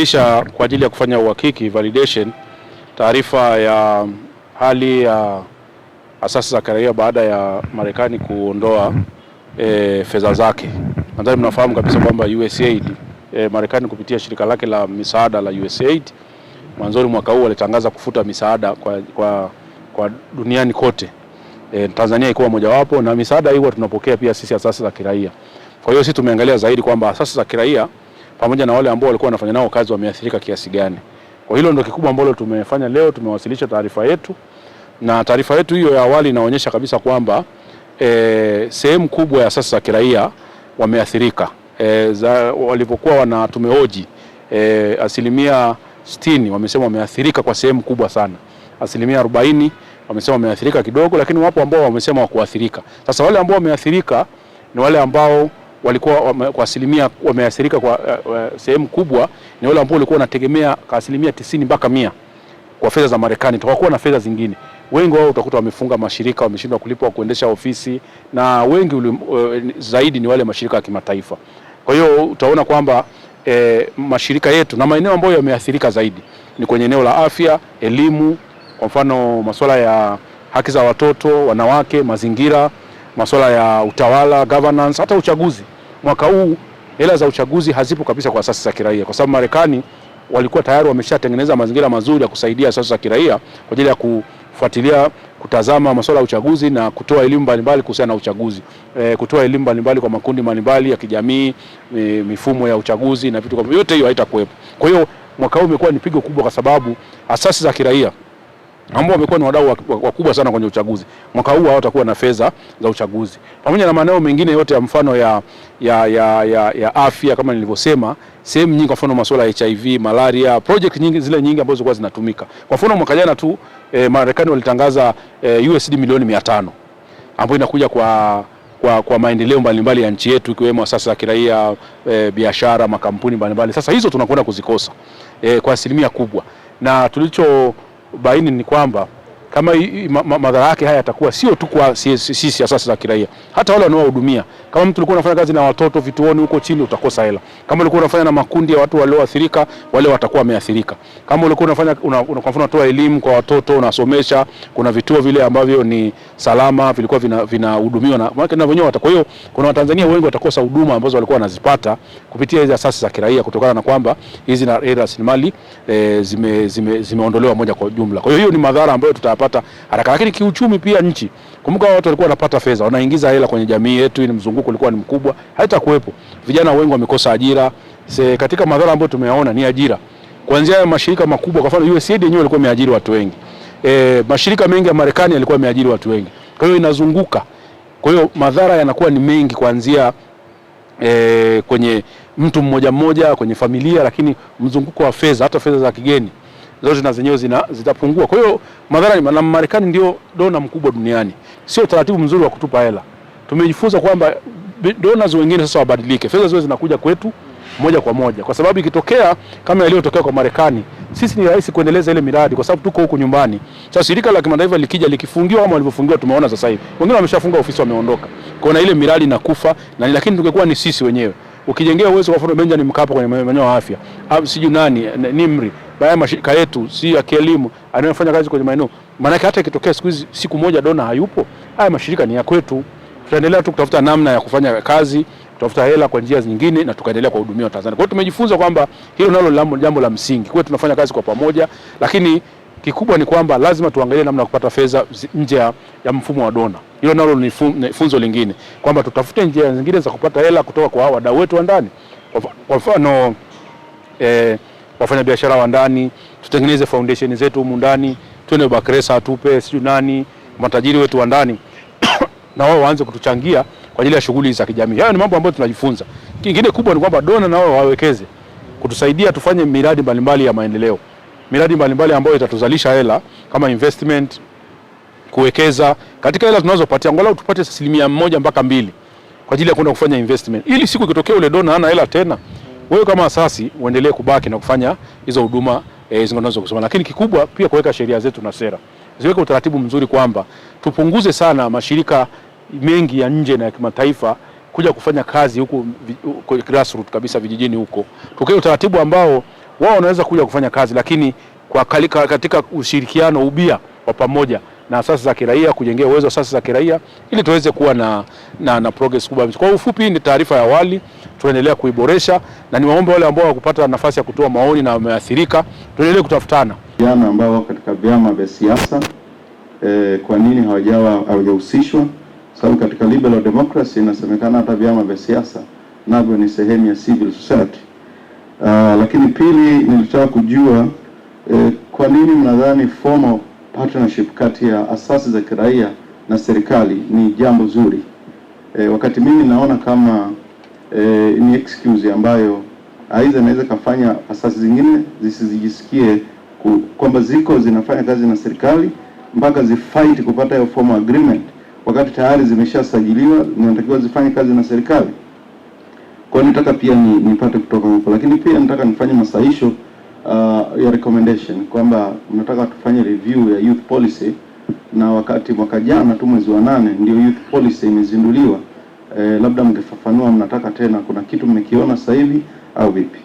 Kisha kwa ajili ya kufanya uhakiki validation taarifa ya hali ya asasi za kiraia baada ya Marekani kuondoa e, fedha zake. Nadhani mnafahamu kabisa kwamba USAID e, Marekani kupitia shirika lake la misaada la USAID mwanzoni mwaka huu walitangaza kufuta misaada kwa, kwa, kwa duniani kote e, Tanzania ikiwa mojawapo na misaada hii huwa tunapokea pia sisi asasi za kiraia. Kwa hiyo sisi tumeangalia zaidi kwamba asasi za kiraia pamoja na wale ambao walikuwa wanafanya nao kazi wameathirika kiasi gani. Kwa hilo ndio kikubwa ambalo tumefanya leo, tumewasilisha taarifa yetu, na taarifa yetu hiyo ya awali inaonyesha kabisa kwamba e, sehemu kubwa ya sasa kiraia wameathirika e, walipokuwa wana tumehoji e, asilimia sitini wamesema wameathirika kwa sehemu kubwa sana, asilimia arobaini wamesema wameathirika kidogo, lakini wapo ambao wamesema wakuathirika. Sasa wale ambao wameathirika ni wale ambao walikuwa wame, kwa asilimia wameathirika kwa uh, uh, sehemu kubwa ni wale ambao walikuwa wanategemea kwa asilimia tisini mpaka mia kwa fedha za Marekani, tutakuwa na fedha zingine. Wengi wao utakuta wamefunga mashirika, wameshindwa kulipa kuendesha ofisi, na wengi uli, uh, eh, zaidi ni wale mashirika ya kimataifa. Kwa hiyo utaona kwamba eh, mashirika yetu na maeneo ambayo yameathirika zaidi ni kwenye eneo la afya, elimu, kwa mfano masuala ya haki za watoto, wanawake, mazingira masuala ya utawala, governance, hata uchaguzi. Mwaka huu hela za uchaguzi hazipo kabisa kwa asasi za kiraia, kwa sababu Marekani walikuwa tayari wameshatengeneza mazingira mazuri ya kusaidia asasi za kiraia kwa ajili ya kufuatilia, kutazama masuala ya uchaguzi na kutoa elimu mbalimbali kuhusiana na uchaguzi e, kutoa elimu mbalimbali kwa makundi mbalimbali ya kijamii e, mifumo ya uchaguzi na vitu kama yote hiyo haitakuwepo. Kwa hiyo mwaka huu umekuwa ni pigo kubwa, kwa sababu asasi za kiraia ambao wamekuwa ni wadau wakubwa sana kwenye uchaguzi. Mwaka huu hawatakuwa na fedha za uchaguzi, pamoja na maeneo mengine yote ya mfano ya, ya, ya, ya, ya afya kama nilivyosema, sehemu nyingi, kwa mfano masuala ya HIV, malaria, project nyingi zile nyingi ambazo zilikuwa zinatumika. Kwa mfano mwaka jana tu eh, Marekani walitangaza eh, USD milioni 500 ambayo inakuja kwa kwa, kwa maendeleo mbalimbali ya nchi yetu ikiwemo sasa kiraia e, biashara, makampuni mbalimbali. Sasa hizo tunakwenda kuzikosa e, kwa asilimia kubwa, na tulicho ubaini ni kwamba kama madhara yake haya yatakuwa sio tu kwa sisi asasi za kiraia, hata wale wanaohudumia. Kama mtu ulikuwa unafanya kazi na watoto vituoni huko chini, utakosa hela. Kama ulikuwa unafanya na makundi ya watu walioathirika, wale watakuwa wameathirika. Kama ulikuwa unafanya una, una, kwa mfano unatoa elimu kwa watoto, unasomesha, kuna vituo vile ambavyo ni salama vilikuwa vinahudumiwa vina na maana kuna wenyewe. watakuwa hiyo kuna Watanzania wengi watakosa huduma ambazo walikuwa wanazipata kupitia hizi asasi za kiraia kutokana na kwamba hizi na rasilimali e, eh, zimeondolewa zime, zime moja kwa jumla. Kwa hiyo hiyo ni madhara ambayo tuta wanapata haraka, lakini kiuchumi pia nchi. Kumbuka watu walikuwa wanapata fedha, wanaingiza hela kwenye jamii yetu, ili mzunguko ulikuwa ni mkubwa, haitakuwepo. Vijana wengi wamekosa ajira. Se, katika madhara ambayo tumeyaona ni ajira, kuanzia mashirika makubwa, kwa mfano USAID yenyewe ilikuwa imeajiri watu wengi e, mashirika mengi ya Marekani yalikuwa yameajiri watu wengi, kwa hiyo inazunguka. Kwa hiyo madhara yanakuwa ni mengi kuanzia e, kwenye mtu mmoja mmoja, kwenye familia, lakini mzunguko wa fedha, hata fedha za kigeni zote na zenyewe zitapungua. Kwa hiyo madhara ni na Marekani ndio dona mkubwa duniani, sio utaratibu mzuri wa kutupa hela. Tumejifunza kwamba donors wengine sasa wabadilike, fedha zote zinakuja kwetu moja kwa moja, kwa sababu ikitokea kama iliyotokea kwa Marekani, sisi ni rahisi kuendeleza ile miradi kwa sababu tuko huku nyumbani. Sasa shirika la kimataifa likija likifungiwa kama walivyofungiwa, tumeona sasa hivi wengine wameshafunga ofisi wameondoka, kuna ile miradi inakufa na, lakini tungekuwa ni sisi wenyewe ukijengea uwezo wa mfano Benjamin Mkapa kwenye maeneo ya afya, sijui nani Nimri baada ya mashirika yetu si ya kielimu anayofanya kazi kwenye maeneo, maanake hata ikitokea siku hizi siku moja dona hayupo, haya mashirika ni ya kwetu. Tutaendelea tu kutafuta namna ya kufanya kazi, kutafuta hela kwa njia zingine na tukaendelea kuwahudumia Watanzania. Kwa hiyo tumejifunza kwamba hilo nalo jambo la msingi. Kwa tunafanya kazi kwa pamoja, lakini kikubwa ni kwamba lazima tuangalie namna ya kupata fedha nje ya mfumo wa dona. Hilo nalo ni funzo lingine kwamba tutafute njia zingine za kupata hela kutoka kwa hawa wadau wetu wa ndani, kwa mfano eh, wafanya biashara wa ndani, tutengeneze foundation zetu humu ndani, twende Bakresa atupe siju nani, matajiri wetu wa ndani na wao waanze kutuchangia kwa ajili ya shughuli za kijamii. Hayo ni mambo ambayo tunajifunza. Kingine kubwa ni kwamba dona na wao wawekeze kutusaidia tufanye miradi mbalimbali ya maendeleo, miradi mbalimbali ambayo itatuzalisha hela kama investment, kuwekeza katika hela tunazopatia, angalau tupate asilimia moja mpaka mbili kwa ajili ya kwenda kufanya investment, ili siku ikitokea ule dona hana hela tena wewe kama asasi uendelee kubaki na kufanya hizo huduma e, eh, zinazoweza kusoma, lakini kikubwa pia kuweka sheria zetu na sera ziweke utaratibu mzuri kwamba tupunguze sana mashirika mengi ya nje na ya kimataifa kuja kufanya kazi huku grassroots kabisa vijijini huko, tukae utaratibu ambao wao wanaweza kuja kufanya kazi, lakini kwa katika ushirikiano ubia wa pamoja na asasi za kiraia, kujengea uwezo asasi za kiraia ili tuweze kuwa na, na, na progress kubwa. Kwa ufupi, ni taarifa ya awali, tunaendelea kuiboresha na niwaombe wale ambao wakupata nafasi ya kutoa maoni na wameathirika, tuendelee kutafutana vijana ambao wako katika vyama vya siasa e, kwa nini hawajawa hawajahusishwa? Sababu katika liberal democracy inasemekana hata vyama vya siasa navyo ni sehemu ya civil society. Uh, lakini pili nilitaka kujua eh, kwa nini mnadhani formal partnership kati ya asasi za kiraia na serikali ni jambo zuri. E, wakati mimi naona kama e, ni excuse ambayo aidha inaweza kafanya asasi zingine zisizijisikie kwamba ziko zinafanya kazi na serikali mpaka zifight kupata hiyo formal agreement, wakati tayari zimeshasajiliwa zinatakiwa zifanye kazi na serikali. Kwa nitaka pia nipate kutoka huko, lakini pia nataka nifanye masahisho uh, ya recommendation kwamba mnataka tufanye review ya youth policy, na wakati mwaka jana tu mwezi wa nane ndio youth policy imezinduliwa. Eh, labda mngefafanua mnataka tena, kuna kitu mmekiona sasa hivi au vipi?